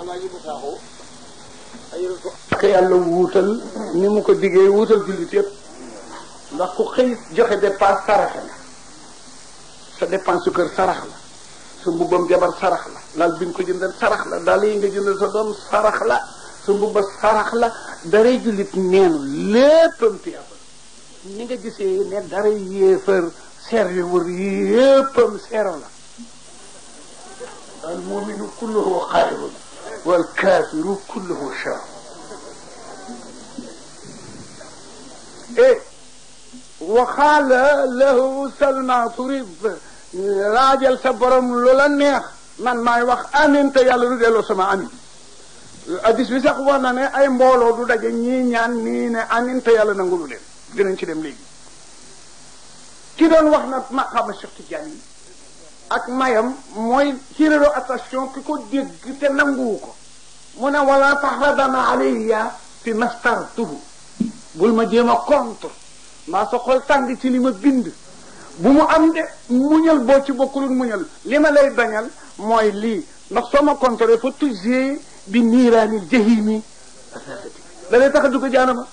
alaaji bu saaxoo ko ak wuutal ni mu ko diggee wuutal jullit yëpp ndax ku xëy joxe dépense sa dépense su kër sarax la sa jabar sarax la laal bi nga ko jëndal sarax la daal yi nga jëndal sa doom sarax la sa sarax la dara jullit neenu léppam tiyaaba ni nga gisee ne dara yéefar serve wër yéppam seero la المؤمن كله خير والكافر كله شر إيه وقال له سلمى تريد laajal sa borom lu la neex man maay wax amin te yàlla du delloo sama amin addis bi sax war na ne ay mbooloo du daje ñii ñaan nii ne amin te yàlla nangulu leen dinañ ci dem léegi ki doon wax na maqaama Cheikh Tidiane yi ak mayam mooy sirero attention ki ko dégg te nanguwu ko mu ne wala taxradana alayya fi mastartuhu bul ma jéem a contre maa sa xol tàng ci li ma bind bu mu am de muñal boo ci bokkulul muñal li ma lay bañal mooy li ndax soo ma contre fa tujjee bi niiraanil jahimi da lay tax a jaanama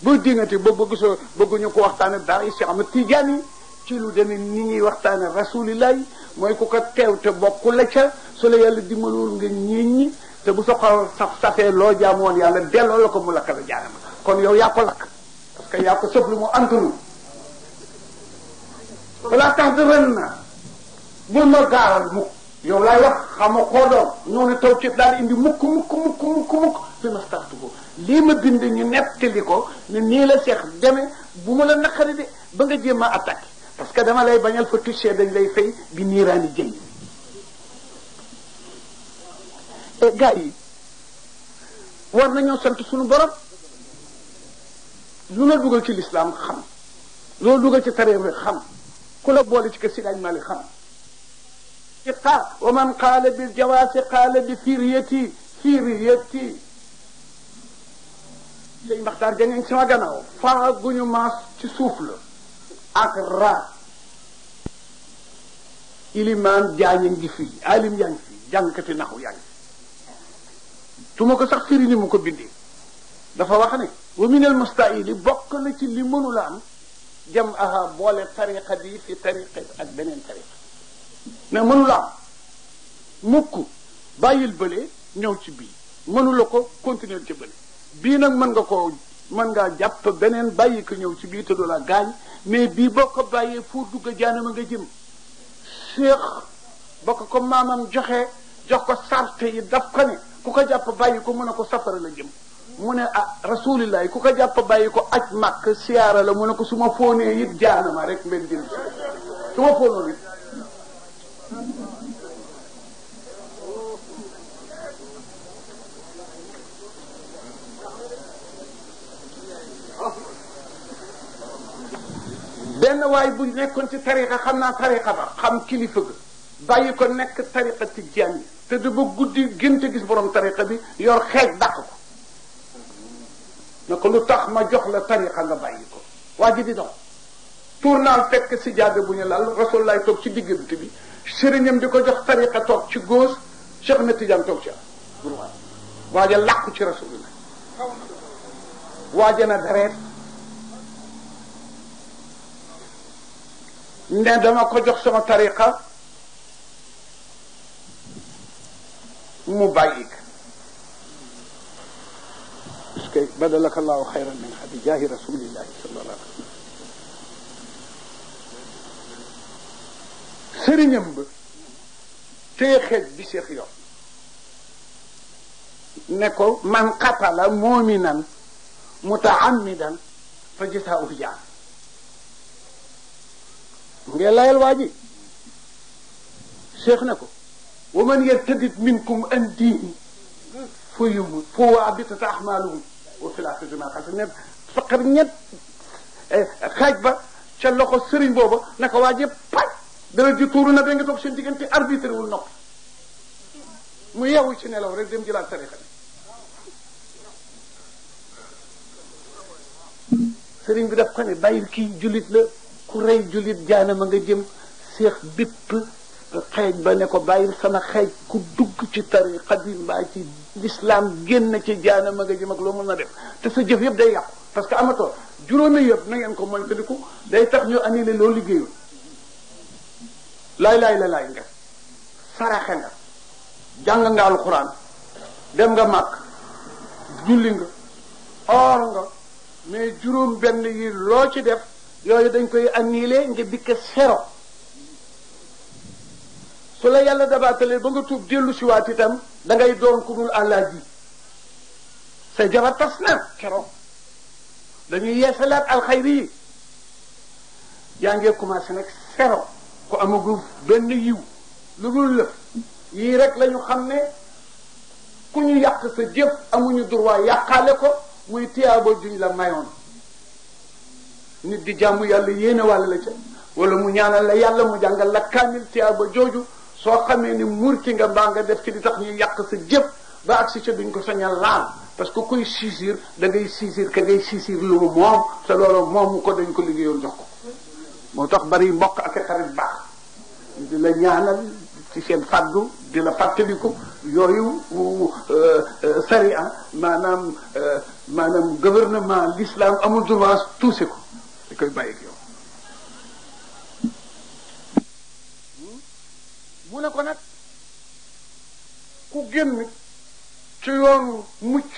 boo dingati ba bëgg soo bëgguñu ko waxtaane dara si am tijaani ci lu demee ni ñuy waxtaane rasulillahi mooy ko ko teew te bokku la ca su la yàlla dimbalul nga ñiiññi te bu sa xol saf safee loo jaamoon yàlla delloo la ko mu lakk la jaanama kon yow yaa ko lakk parce que yaa ko lu mu antunu balaa tax di ren na bul ma gaaral mukk yow laay wax xama koo doon noonu taw ci daal indi mukk mukk mukk mukk fi ma startu ko lii ma bind ñu nettali ko ne nii la seex demee bu ma la naqari de ba nga jéem a attaqué parce que dama lay bañal fa touché dañ lay fay bi niiraani jëy et eh, gars yi war nañoo sant suñu borom lu la dugal ci lislaam xam loo dugal ci taree rek xam ku la boole ci kër si dañ mali xam ci xaar wa man qaala bil jawaasi qaala bi firiyati firiyati lañ maxtaar jangeen sama gannaaw faa guñu maas ci suuf la ak raa ilimaan jaañ a ngi fii alim yaa ngi fii jàngkati naxu yaa ngi fi tuma ko sax firi mu ko bindee dafa wax ne wa minal mustaili bokk na ci li mënula am jam aha boole tariqa bi fi tariqa ak beneen tariqa ne am mukk bàyyil bële ñëw ci bii mënula ko continuer ci bële bii nag mën nga ko mën ngaa jàpp beneen bàyyi ko ñëw ci bii te du la gaañ mais bii boo ko bàyyee foo dugg jaanama nga jëm séex ba ko ko maamam joxe jox ko sarte yi daf ko ku ko jàpp bàyyi ko mu ne ko safara la jëm mu ne ah rasulillahi ku ko jàpp bàyyi ko aj màkk siyaara la mu ne ko su ma fóonee it ma rek mbir jëm su ma fóonoon benn waay bu nekkoon ci tariqa xam naa tariqa ba xam kilifa ga bàyyi ko nekk tariqa tijaan yi te dafa guddi génte gis borom tariqa bi yor xeej dàq ko ne ko lu tax ma jox la tariqa nga bàyyi ko waa ji di dox tournal fekk si jaabe bu ñu lal rasulullah toog ci diggante bi sëriñam di ko jox tariqa toog ci góos Cheikh na Tijaan toog ci am waaja làqu ci rasulullah waaja na dareet ne dama ko jox sama tariqa mu bàyyi ko parce que badalaka allahu xayran min hadi jaahi rasulillahi sallallahu alayhi wa sallam sëriñam ba tey xeej bi seex yor ne ko man qatala muminan mutaamidan fa jasaa'uhu jahannam mu ngee layal waa ji cheikh na ko wa man yartadid minkum an diini fa yumut fa waabitat ahmaaluhum wa fil aaxirati ma xasir ne faqar ñett eh, xaaj ba ca loxo sëriñ booba naka waa ji paj dara ji tuuru na ba nga toog seen diggante arbitre wul noppi mu ci nelaw rek dem jëlaat tarixa bi sëriñ bi daf ko ne bàyyil kii jullit la ku rey jullit jaanama nga jëm seex bépp xeej ba ne ko bàyyil sama xeej ku dugg ci tariqa bi mbaa ci lislaam génn ci jaanama nga jëm ak loo mën a def te sa jëf yëpp day yàqu parce que amatoo juróomi yëpp na ngeen ko moytandiku day tax ñu annulé loo liggéeyul laay laay la laay nga saraxe nga jàng nga alxuraan dem nga màkk julli nga or nga mais juróom benn yi loo ci def yooyu dañ koy annulé nga dikk sero su la yàlla dabaatalee ba nga tuub dellu si waat itam da ngay doon ku dul àllaaji sa jabar tas na keroog dañuy yeesalaat alxayri yi yaa ngi commencé nag sero ku amagul benn yiw lu dul lëf yii rek lañu ñu xam ne ku ñu yàq sa jëf amuñu droit yàqaale ko muy tiyaaba juñ la mayoon nit di jàmbu yàlla yéene wàll la ca wala mu ñaanal la yàlla mu jàngal la kaamil tiyaaba jooju soo xamee ne murti nga mbaa nga def ci di tax ñuy yàq sa jëpp ba agsi duñ ko sañal laal parce que kuy saisir da ngay saisir ka ngay saisir lu mu moom te loolu moomu ko dañ ko liggéeyoon jox ko moo tax bari mbokk ak xarit baax di la ñaanal ci seen fàddu di la fàttaliku yooyu euh, euh, sariya maanaam euh, maanaam gouvernement l'islam amul droit tuuse ko da koy bàyyi ak hmm? mu ne ko nag ku génn ci yoonu mucc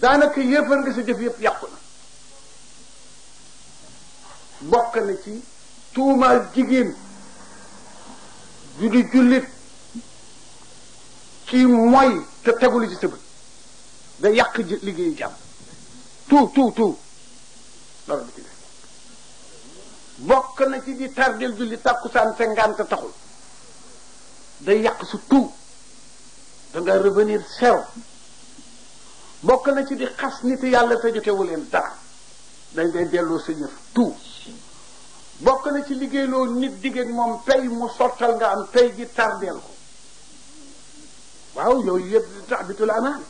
daanaka yéefar nga sa jëf yëpp yàqu na na ci tuumaal jigéen ju di jullit ci mooy te tegulu ci sa da yàq liggéey jàmm tout tout tout dara du ci def bokk na ci di tardel julli tàkkusaan cinquante taxul day yàq su tout da nga sew bokk na ci di xas nit yàlla te jotewu leen dara dañ day delloo sa ñëf bokk na ci liggéey liggéeyloo nit diggéen moom pay mu sottal nga am pay gi tardeel ko waaw yooyu yëpp tax bitul amaan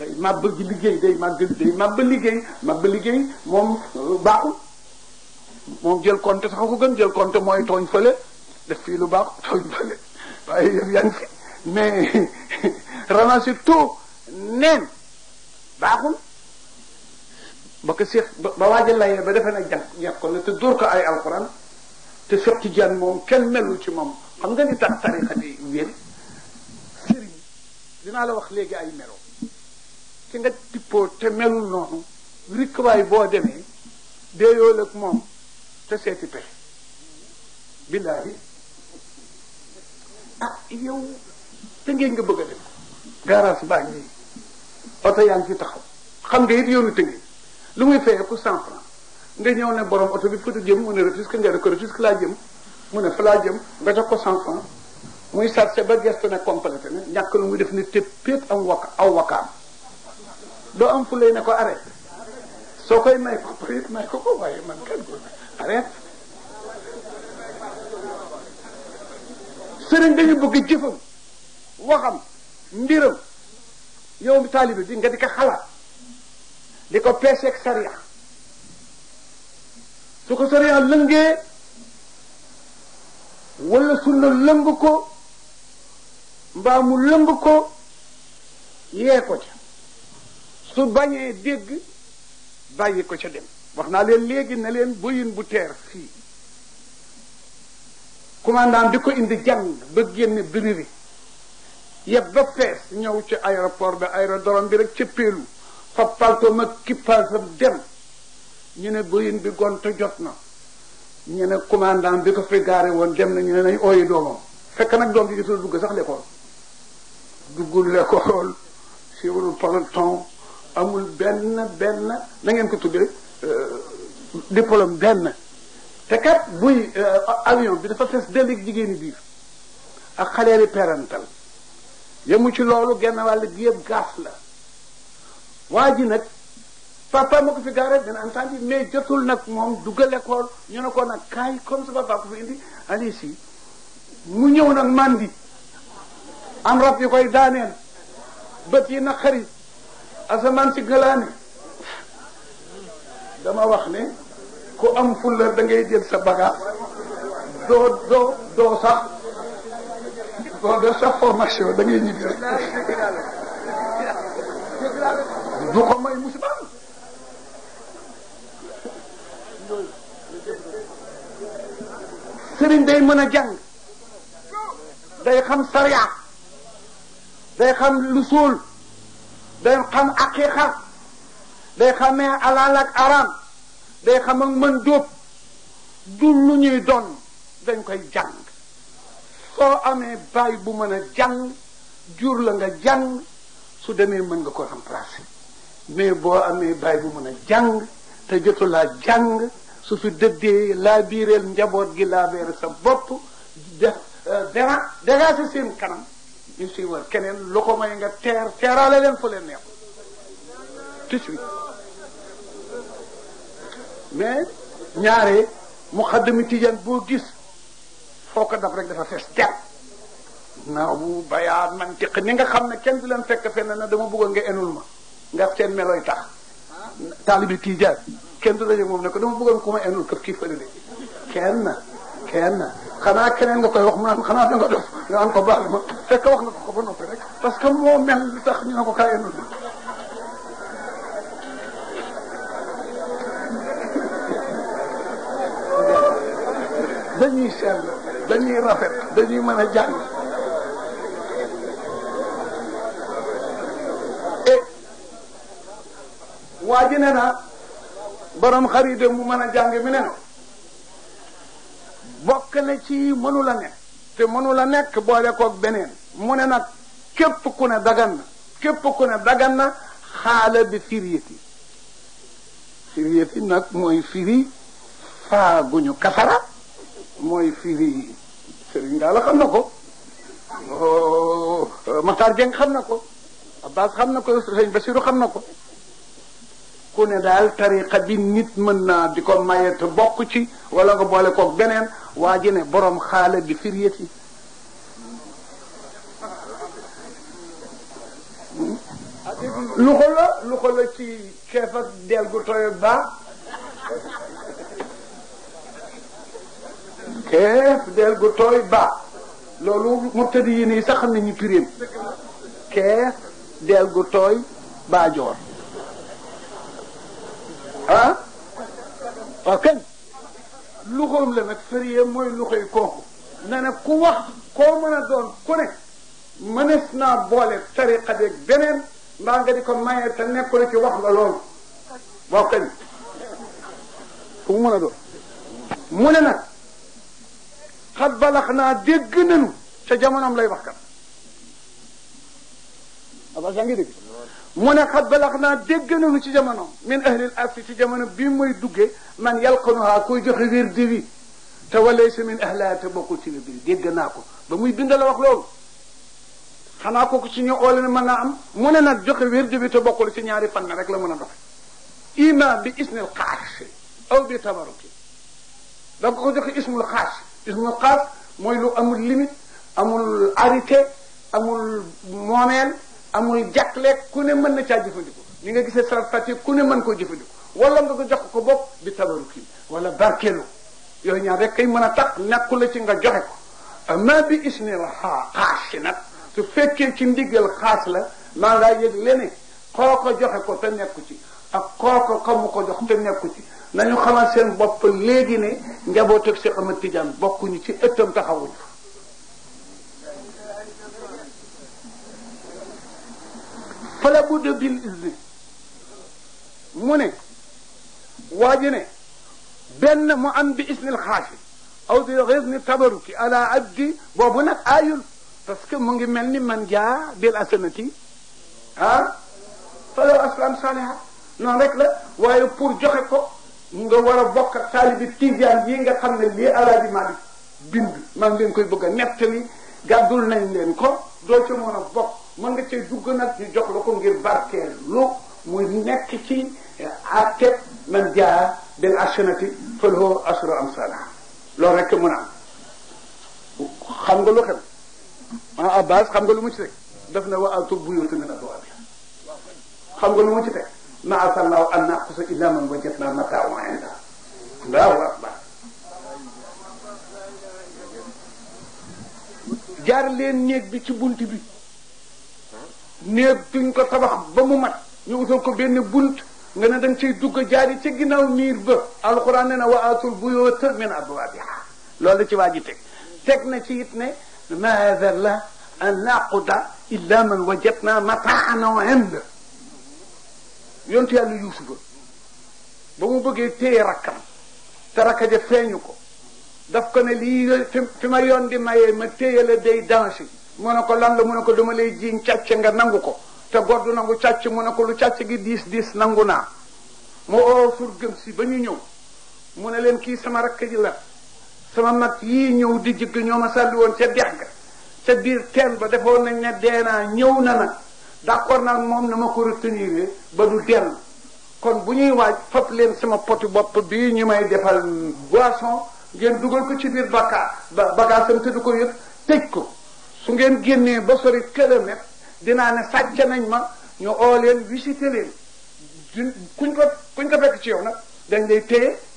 day màbb gi liggéey day màbb day màbb liggéey màbb liggéey moom euh, baaxul moom jël compte sax gën jël kont mooy tooñ fële def fii lu baax tooñ fële waaye yëf yaa ngi fi mais ramasser tout neen baaxul ba ko seet ba waaja layee ba defe ne jànk ñet ko la te dóor ko ay alxuraan te Cheikh Tidiane moom kenn melul ci moom xam nga ni tax tarixa bi wér sëriñ dinaa la wax léegi ay melo ci nga tippoo te melul noonu rikkwaay boo demee déeyool ak moom te seeti pexe billaahi ah yow te nga bëgg a dem garage baa ngi oto yaa ngi fi taxaw xam nga it yoonu tënge lu muy fayee ku cent franc nga ñëw ne borom oto bi fa jëm mu ne refus que nga ko jëm mu ne laa jëm nga jox ko cent franc muy sarse ba gestu ne complété ne ñàkk lu muy def ne te pépp am waka aw loo am fu lay ne ko arrête koy may ko prit may ko ko waaye man kan ko arrête waxam mbiram yow mi bi nga di ko xalaat di ko peeseeg sariya su ko sariya lëngee wala sunna lëng ko mbaa mu ko yee ko ca su bañee dégg bàyyi ko ca dem wax naa leen léegi ne leen bëyin bu teer fii commandant di ko indi jàng ba génne briri yeb ba fees ñëw ci aéroport bi aérodrome bi rek ca péelu fa palto ma kippaasam dem ñu ne bëyin bi gont jot na ñu ne commandant bi ko fi gaare woon dem nañu ne nañ ooyi doomam fekk nag doom ji gisul dugg sax l'école duggul l'école siwul peloton amul benn benn na ngeen ko tuddee euh, diplôme benn te kat buy euh, avion bi dafa fees dell ak jigéeni biir ak xaleeli parental yemu ci loolu genn wàll gi yëpp gaaf la waa ji nag papa ma ko fi gaare dina entendu mais jotul nag moom duggal école ñu ne ko nag kaay comme sa papa ko fi indi allez mu ñëw nag mandi am rab yu koy daaneel bët yi naqari asamaan si galaane dama wax ne ku am fulla da ngay jël sa bagage doo doo sax doo def sax formation da ko may musiba sëriñ day mën a jàng day xam sariya day xam lu day xam aqiqa day xamee alal ak araam day xam ak mën dóob du lu ñuy doon dañ koy jàng soo amee baay bu mën a jàng jur la nga jàng su demee mën nga ko remplacer mais boo amee baay bu mën a jàng te jotu laa jàng su fi dëddee laa biireel njaboot gi laa beere sa bopp def euh, dara dégage seen kanam ñu siy wër keneen lu ko may nga teer teeraale leen fa leen neex tout suite mais ñaare muqaddami tijaan boo gis foo ko daf rek dafa fees teer naaw bu bayaat mantiq ni nga xam ne kenn du leen fekk fenn na dama bëggoon nga enul ma ndax seen melooy tax taalibi tijaan kenn du daje moom ne ko dama bëggoon ku ma enul këf kii fële de kenn kenn xanaa keneen nga koy wax mu naan xanaa da nga def nga naan ko baal ma fekk wax na ko ko ba noppi rek parce que moo mel li tax ñu nga ko kaay indul dañuy sell dañuy rafet dañuy mën a jàng e waa ji ne mu mën a jàng mi bokk na ci mënu nekk te mënula la nekk boole koog beneen mëne ne nag képp ku ne dagan na képp ku ne dagan na xaala bi firiyati firiyati nag mooy firi faaguñu kasara mooy firi sëriñ daa xam na ko oh, Maxtaar Jeng xam na ko Abbas xam na ko sëriñ xam na ko ku ne daal tariqa bi nit mën naa di ko maye te bokk ci wala nga boole koog beneen waa ji ne borom xaala bi firiyet lu ko lu ko ci ceef ak del gu tooy baax keef del gu tooy baax loolu murtadi yi nii sax nañu piréem keef del gu tooy baajoor waaw kenn luxoom la nag férié mooy luxoy kooku na ne ku wax koo mën a doon ku ne mënees naa boole tariqa beeg beneen mbaa nga ko maye te nekkul ci wax la loolu waaw kañ ku mu doon mu ne nag xat balax naa dégg nañu ca jamonoom lay wax kat abaa saa ngi mu ne xat balax naa dégg nañu ci jamono min ahlil affi ci jamono bii muy duggee man yalqanuhaa koy joxe wirdi wi te walaysa min ahlihaa te bokkul ci wirdi wi dégg naa ko ba muy bind la wax loolu xanaa kooku ci ñu oole ne mën naa am mu ne nag joxe wirdi bi te bokkul ci ñaari fànn rek la mën a doxe ima bi ismil xaas aw bi tabaruki da nga ko joxe ismul xaas ismul xaas mooy lu amul limite amul arité amul moomeel amul jàkleeg ku ne mën na caa jëfandikoo ni nga gisee sarat fàtte ku ne mën koo jëfandikoo wala nga ko jox ko bopp bi tabaru kii wala barkeelu yooyu ñaar rek kay mën a tax nekku la ci nga joxe ko bi isne la xaa xaas si nag su fekkee ci ndigal xaas la maa ngaa yëg leneen koo ko joxe ko te nekku ci ak koo ko xamu ko jox te nekku ci nañu xamal seen bopp léegi ne njaboot ak Cheikh Ahmed Tidiane bokkuñu ci ëttam taxawuñu fala budda bil izni mu ne waa ji ne benn mu am bi isnil xaafi aw di risni tabaruki ala abdi boobu nag aayul parce que mu ngi mel ni man jaa bil asanati ah falaw aslam saliha noonu rek la waaye pour joxe ko nga war a bokk ak taalibi tijaan yi nga xam ne lii alaaji Maalik bind maa ngi leen koy bëgg a nettali gàddul nañ leen ko doo ci mën bokk mën nga cee dugg nag ñu la ko ngir barkeel lu mu nekk ci eh, àtte man jaa bil asanati falahu asru amsalaha loolu rek mën a am xam nga lu xew Abbas xam nga lu mu ci teg daf na wa atu buyuta min abwaabiha xam nga lu mu ci teg ma asallahu an naqusa illa man wajadna mataahu inda allahu akbar jaar leen néeg bi ci bunt bi néeg duñ tabax ba mu mat ñu utal ko benn bunt nga ne ci cay dugg jaari ca ginnaaw miir ba alxuraan ne na wa aatul buyuuta min abwaabiha loolu ci waa teg teg na ci it ne ma dalla an naquda illa man wajadna mataana wa inda yontu yàlla yuusufa ba mu bëggee téye rakkam te rakka ja feeñu ko daf ko ne lii fi ma yoon di mayee ma téye la day danger mu ne ko lan la mu ne ko dama lay jiiñ càcc nga nangu ko te góor du nangu càcc mu ne ko lu càcc gi diis diis nangu naa mu oo surgëm si ba ñu ñëw mu ne leen kii sama rakk la sama mag yii ñëw di jigg ñoo ma sàlli woon ca dex ga ca biir teen ba defoon nañ ne deenaa ñëw na nag d'accord naa moom na ma ko retenir ba du dellu kon bu ñuy waaj fab leen sama poti bopp bii ñu may defal boisson ngeen dugal ko ci biir bakkaar ba bakaasam te du ko yëg tëj ko su ngeen génnee ba sori kilomètre dinaa ne sàcc nañ ma ñu oo leen visité leen du kuñ ko kuñ ko fekk ci yow nag dañ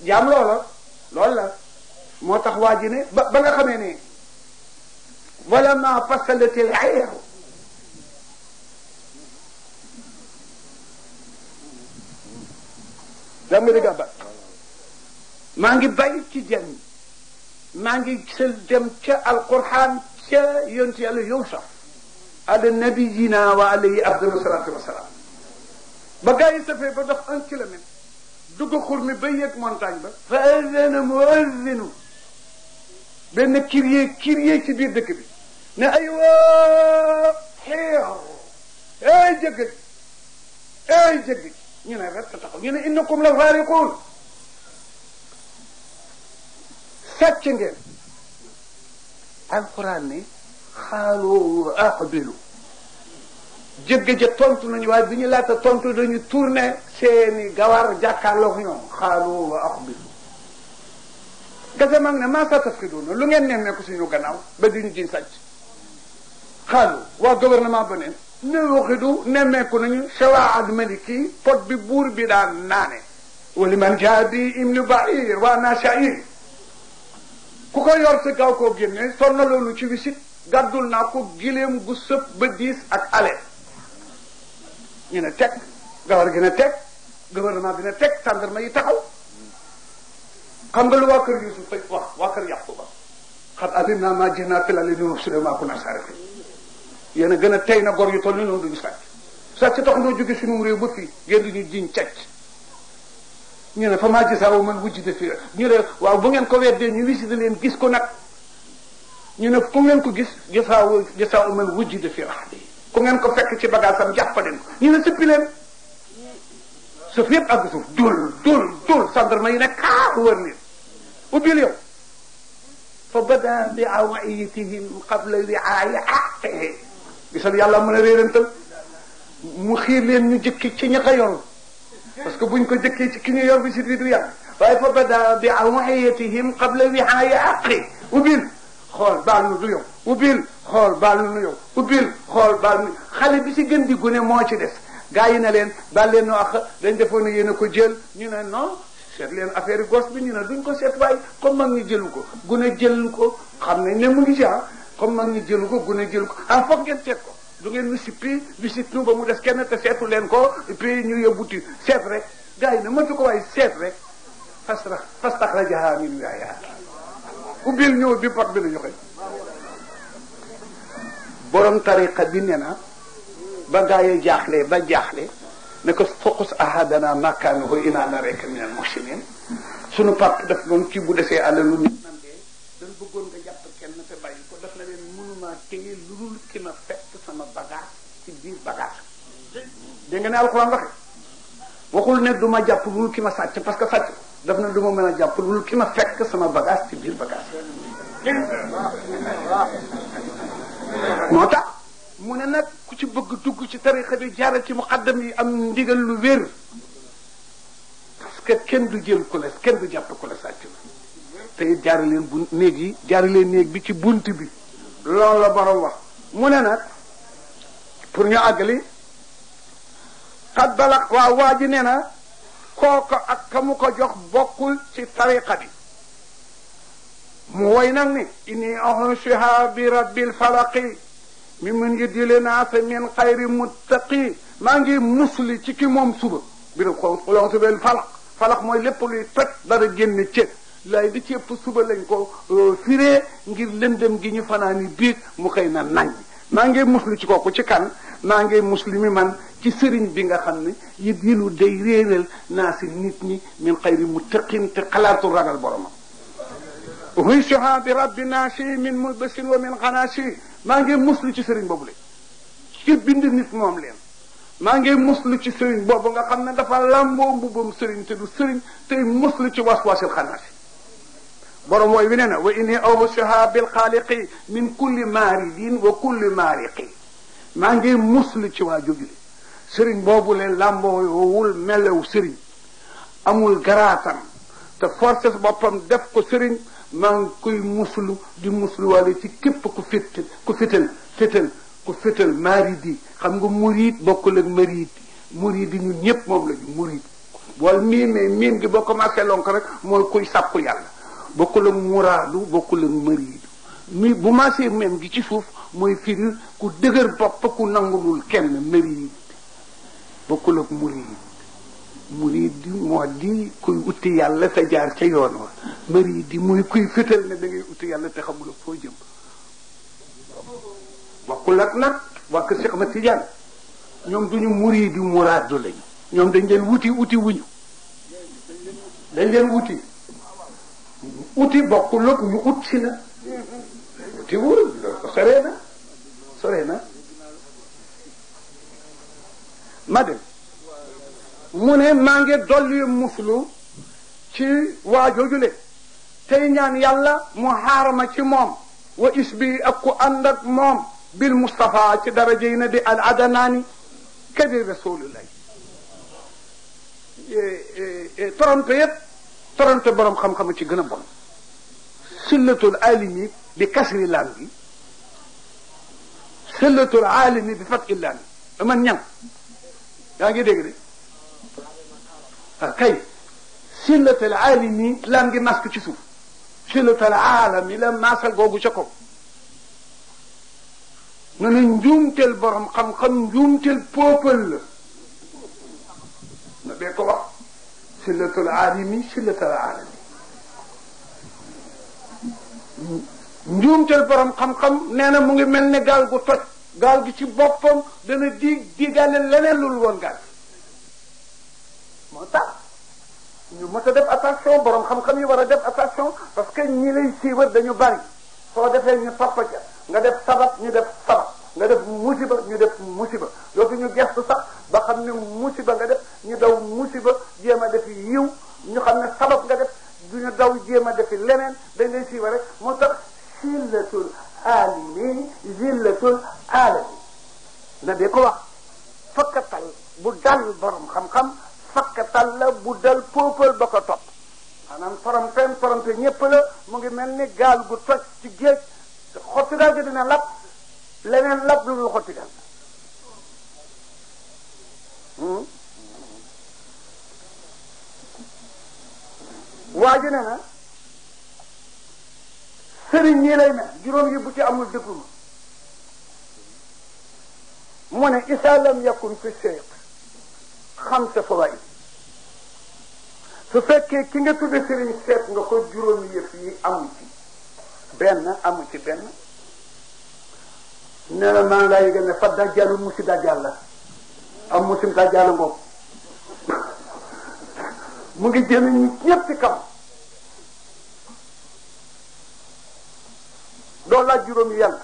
jaam loola loolu la moo tax waa ji ba nga xamee wala ma pasalatil ayr dam nga dëgg maa ngi bay ci jëm maa ngi sel dem ca alquran ca yonti yàlla yow sax ala nabiyina wa alayhi afdalu salaatu wasalaam ba gars yi safee ba dox un kilomètre dugg fa azana muazinu benn kiriyee kiriyee ci biir dëkk bi ne ay waa xeew ay jëgg ay jëgg ñu ne rek taxaw ñu la faariquun sàcc alxuraan ne xaaloo wa aqbilu jëgg ja tontu nañu waaye bi ñu laata tontu dañu tourné seeni gawar jàkkaarloog ñoom xaaloo wa aqbilu gasamaag ne maa sa tafkiduuna lu ngeen nemmee ko suñu gannaaw ba di ñu ci sàcc xaalu waa gouvernement ba neen ne waxidu nemmeeku nañu shawaad maliki pot bi buur bi daan naane wali man jaa bi ibnu bair waa naa shair ku ko yor te gaaw koo génne sonnaloonu ci wisit gàddul naa ko gileem gu sëpp ba diis ak ale ñu ne teg gawar gi ne teg gouvernement bi ne teg tàndarma yi taxaw xam nga lu waa kër Yuusuf fay wax waa kër xat alim naa maa jëx naa filali nunu sule maa ko na sarfi yéen a na gor yu toll ni noonu duñu sàcc sàcc tax noo jóge suñu réew ba fii ngeen di ñu ñu ne fa maa jazaaw man wujida fi ñu ne waaw bu ngeen ko weddee ñu gis ko nag ñu ne ku ngeen ko gis jazaaw jazaaw man wujida fi ahdi ngeen ko fekk ci bagage am jàppaleen ko ñu ne bi leen suuf yëpp àgg suuf dul dul dul sandarma yi nag kaar wër leen ubbil yow fa bada bi awaitihim qabla wiaaya aqihi gisal yàlla mën a réerantal mu xiir leen ñu jëkki ci ña ko yoon parce que buñ ko jëkkee ci ki ñu yor visite bi du yàgg waaye fa bada bi awayatihim qabla wihaaya aqi ubbil xool baal nu du yow ubbil xool baal nu yow ubbil xool baal nu xale bi si gën di gune moo ci des gaa yi ne leen baal leen nu àq dañ defoon ne yéen a ko jël ñu ne non seet leen affaire yi gos bi ñu ne duñ ko seet waaye comme mag ñu jëlu ko gune jëlu ko xam nañ ne mu ngi si ah comme mag ñu jëlu ko gune jëlu ko ah foog ngeen seet ko du ngeen nu sippi ba mu des kenn te seetu leen ko et puis ñu yóbbuti seet rek gars yi ne mëntu ko waaye seet rek fastax fastaxrajaha min wilaaya ubbil ñëw bi pot bi la joxe borom tariqa bi ne na ba gaa yi jaaxle ba jaaxle ne ko foqus ahadana makaanuhu inaana rek min al muhsinin sunu pap daf doon ci bu desee àlalu nit nan dee dañ bëggoon nga jàpp kenn te bàyyi ko daf dégg nga ne alxuraan waxe waxul ne du ma jàpp lu ki ma sàcc parce que sàcc daf na du ma mën a jàpp ki ma fekk sama bagage ci biir bagage moo tax mu ne nag ku ci bëgg dugg ci tarixa bi jaaral ci muqaddam yi am ndigal lu wér parce que kenn du jël ku la kenn du jàpp ku la sàcc te it jaari leen bu néeg yi jaari néeg bi ci bunt bi loolu la borom wax mu ne nag pour ñu àggali xat balax waaw waa ji nee na kooko ak ka jox bokkul ci tariqa bi mu woy nag ni inni u'idhuha bi rabbil falaqi mi mun yudili naasa min xayri muttaqi maa ngi musli ci ki moom suba bi na ko xulontu bel falaq mooy lépp luy toj dara génn cër lay di ci suba lañ ko euh, firee ngir lëndëm gi ñu fanaani biig mu xëy na nañ maa ngi musli ci kooku ci kan maa ngi musli mi man ci sëriñ bi nga xam ne yëg yëlu day réeral naa si nit ñi min xayri muttaqin te xalaatul ragal boromam huy bi rabbi naasi min mulbasin wa min xanaasi maa ngi muslu ci sëriñ boobu le ci bind nit moom maa ngi muslu ci sëriñ boobu nga xam ne dafa làmboo mbubbam sëriñ ci waswasil xanaasi borom wooy wi nee na wa inni awhu soha bil xaaliqi min kulli maaridin wa kulli maariqi maa ngi muslu ci waa jógile sëriñ boobu leen làmboowul melow sëriñ amul garaatam te force boppam def ko sëriñ maa ngi koy muslu di musluwaale ci képp ku fit ku fital fital ku fital maridi xam nga murid bokkul ak marid murid yi ñun ñëpp moom la ñu murid wala miimee miim gi boo commencé lonk rek mooy kuy sàkku yàlla bokkul ak muraadu bokkul ak mariidu bu maasee même gi ci suuf mooy firi ku dëgër bopp ku nangulul kenn mariidu bokkul ak murid murid moo di kuy utti yàlla te jaar ca yoon wa di muy kuy fétal ne da ngay yàlla te xamul foo jëm bokkul ak nag waa kër Cheikh Ahmed Tidiane ñoom duñu murid di muraadu lañu ñoom dañ leen wuti wuti wuñu dañ leen wuti uti bokkul ak ñu ut si na uti wul sore na sore na ma dem mu ne maa ngi dolli muslu ci waa joojule tey ñaan yàlla mu xaarama ci moom wa isbi ak ku ànd ak moom bil Mustafa ci daraje yi na di al adanaani kadi rasulullahi eh, eh, eh, toronto yëpp toronto borom xam ci gën a bon sillatul alimi bi kasri lam bi sillatul bi fathi lam man ñan yaa ngi dégg de waaw ah, kay sillatal alimi laam ngi masque ci suuf sillatal alami la maasal googu ca kaw ne ne njuumteel borom xam-xam njuumteel peuple la na bee ko wax sillatul alimi sillatul alami njuumteel borom xam-xam nee na mu ngi mel ne gaal gu toj gaal gi ci boppam dana dig digale leneen lul woon gaal moo tax ñu mën a def attention borom xam-xam yi war a def attention parce que ñi lay siiwal dañu bari soo defee ñu topp ca nga def sabat ñu def sabat nga def musiba ñu def musiba dootu ñu gestu sax ba xam ne musiba nga def ñu daw musiba jéem a def yiw ñu xam ne sabab nga def duñu daw jéem a defi leneen dañ lay siiwal rek moo tax sillatul alimi zillatul xaala bi bi ko wax fakkatal bu dal borom xam-xam fakkatal la bu dal peuple ba ko topp maanaam torompeem torompe ñépp la mu ngi mel ni gaal gu toj ci géej xotti daal gi dina lap leneen lap lu dul xotti daal hmm? waa ji ne na sëriñ ñi lay mel juróom bu ci amul dëgguma mu ne isa lam yakun fi cheikh xamsa fawaid su fekkee ki nga tudde sëriñ seet nga ko juróomi yëf yi amu ci benn amu ci benn nee na maa ngi lay yëgal ne fa dajjalu musi dajjal la am musim dajjal la ngoog mu ngi jëme nit ñëpp ci kam doo laaj juróomi yàlla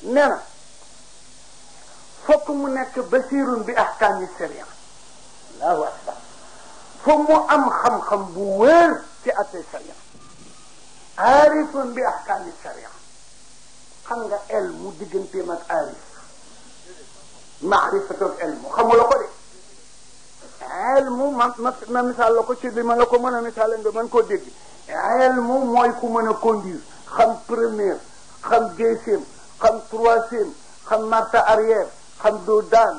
nee na fokk mu nekk basirun bi ahkaami sharia allahu akbar fokk mu am xam-xam bu wér ci atte sharia aarifun bi ahkaami sharia xam nga elmu digganteem ak aarif maarifatu ak elmu xamula ko ma ma ma misaal ko ci bi ma la ko mën a misaale nga mën koo dégg elmu mooy ku mën a conduire xam première xam deuxième xam troisième xam marche xam doo daan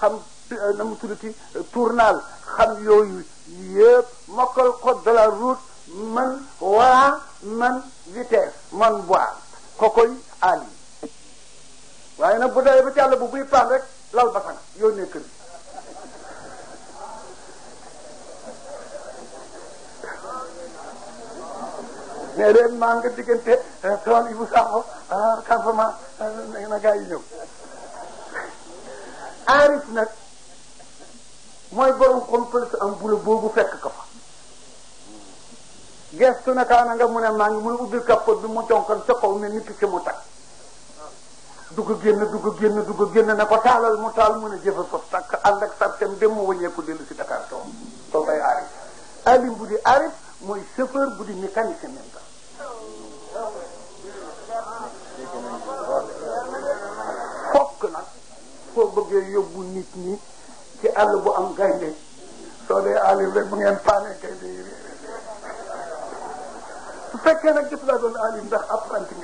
xam euh, na mu tuddati tournal xam yooyu yëpp mokkal code de la route man waa man vitesse man boire kokoy aal waaye nag bu dawee ba ci àll bu buy paan rek lal basan yooyu nekk bi mais maa nga diggante euh, ah, tool euh, yi bu saxo campement aarif nag mooy borom complexe am bula boobu fekk ko fa gestu na kaana nga mu ne maa ngi muy ubbi kapot bi mu jonkan ca kaw ne ni picc mu takk dugg génn dugg génn dugg génn ne ko taalal mu taal mu ne jëfe ko takk ànd ak sartem dem mu dellu si Dakar toog toog ay aarif alim bu di aarif mooy chauffeur bu di mécanicien soo bëggee yóbbu nit ñi ci àll bu am gaynde soo dee bu fekkee nag jëf laa doon alif ndax apprenti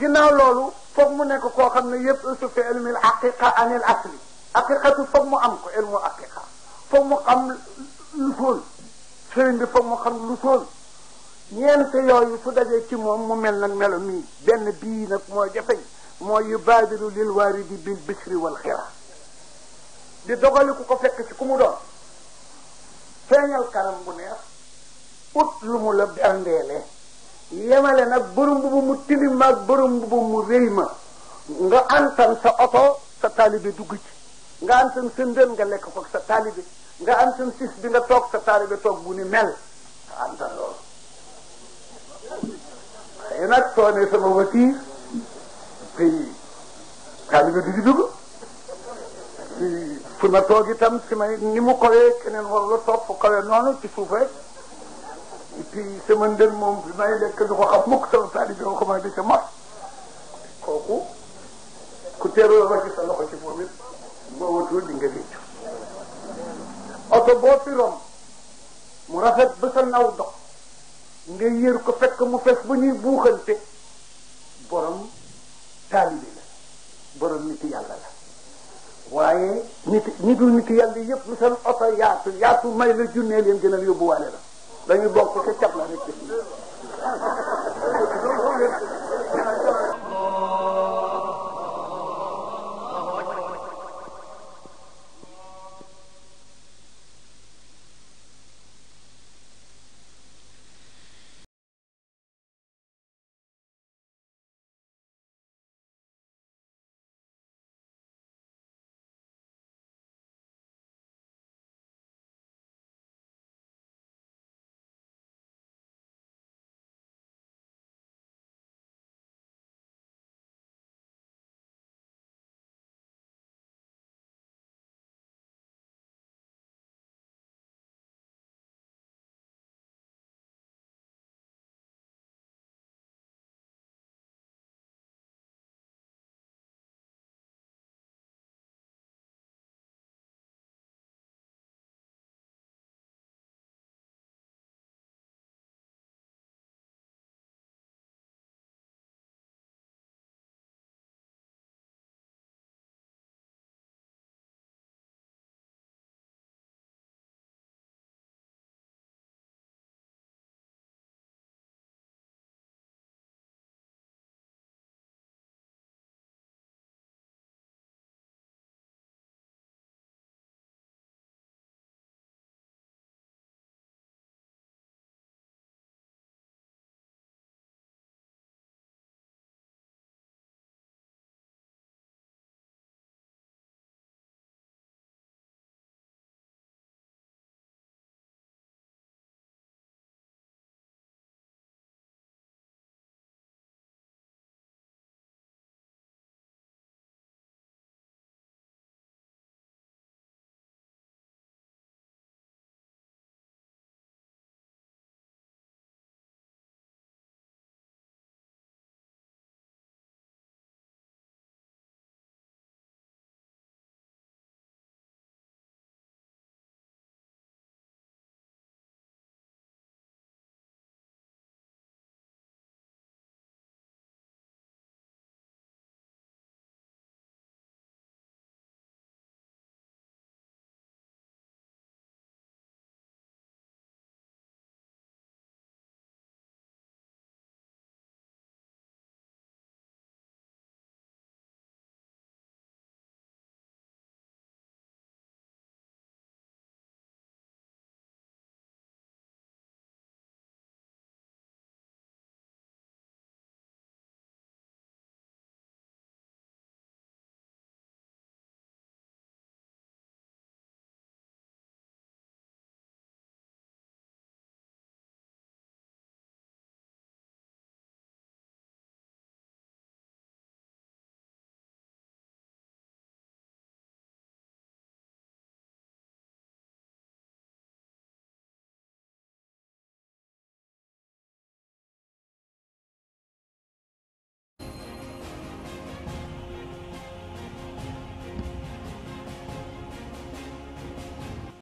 nga oh, loolu foog mu nekk koo xam ne yëpp su fi ilmil aqiqa anil asli aqiqatu foog mu am ko ilmu aqiqa foog mu xam lu sëriñ bi foog mu xam lu sool ñeent yooyu su dajee ci moom mu mel nag melo mii benn bii nag moo jafeñ moo yubaadilu lil waaridi bil bishri wal xira di dogali ku ko fekk ci ku mu doon feeñal kanam bu neex ut lu mu la berndeele yemale nag borom bu mu tilim ak borom bu mu réy nga antan sa oto sa taalibe dugg ci nga antan sa nga lekk ko sa taalibe nga am suñ sis bi nga toog sa taalibe toog bu ni mel am na loolu waaye nag soo ne sama watiir tey taalibe du ci dugg fu ma toog itam si may ni mu kawee keneen warula topp kawee noonu ci suuf rek et puis sama ndën moom bi may lekk du ko xam mukk sama taalibe ko ma di ca mos kooku ku teeroo ba ci sa loxo ci moom it boo watul di nga réccu oto boo fi mu rafet ba sa naw dox nga yër ko fekk mu fees ba ñuy buuxante borom taalibe la borom nit yàlla la waaye nit ñi dul nit yàlla yëpp lu seen oto yaatu yaatu may la junnee leen gënal yóbbuwaale la dañuy bokk ca cap la rek